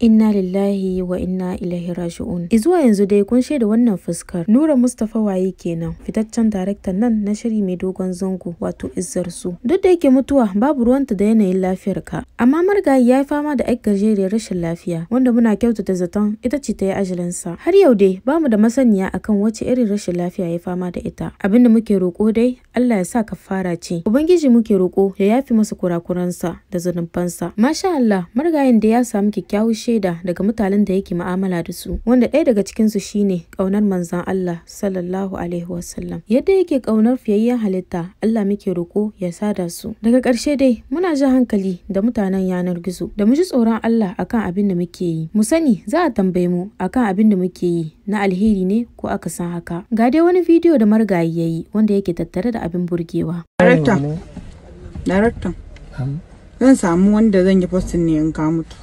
Inna lillahi wa inna ilaihi raji'un. Izuwa yanzu dai kun shaida wannan fuskar. Nura Mustafa waye kenan, fitaccen daraktan nan na shiri mai dogon zango wato Izzar su. Duk da yake mutuwa babu ruwanta da yanayin lafiyar ka. Amma Margayi ya yi fama da aikar jere rashin lafiya wanda muna kyautata zaton ita ce ta yi ajalinsa. Har yau dai bamu da masaniya akan wace irin rashin lafiya ya fama da ita. abinda muke roƙo dai Allah ya sa ka fara ce. Ubangiji muke roƙo ya yafi masa kurakuransa da zunubansa. Masha Allah, marigayin da ya samu kyakkyawar shaida daga mutanen da yake mu'amala da su, wanda ɗaya daga cikin su shine ƙaunar manzan Allah sallallahu alaihi wasallam. Yadda yake ƙaunar fiyayyen halitta, Allah muke roƙo ya sada su. Daga ƙarshe dai, muna jan hankali da mutanen yanar gizo, da mu ji tsoron Allah akan abin da muke yi. Mu sani za a tambaye mu akan abin da muke yi na alheri ne ko aka san haka. Ga dai wani bidiyo da marigayi ya yi wanda yake tattare da abin burgewa. darakta, zan samu wanda zan yi postin ne in ka mutu.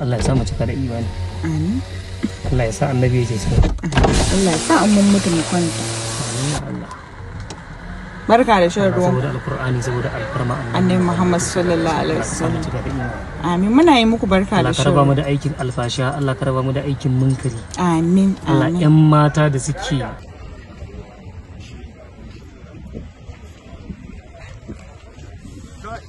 Allah ya sa mu cika da imani. Allah ya sa annabi ya ce sai. Allah ya sa an mun mutu mu kwanta. Barka da shan ruwan. Saboda alkur'ani saboda alfarma Annabi Muhammad sallallahu alaihi wasallam. Amin muna yi muku barka da shan ruwan. Allah karba mu da aikin alfasha, Allah karba mu da aikin munkari. Amin. Allah ƴan mata da suke はい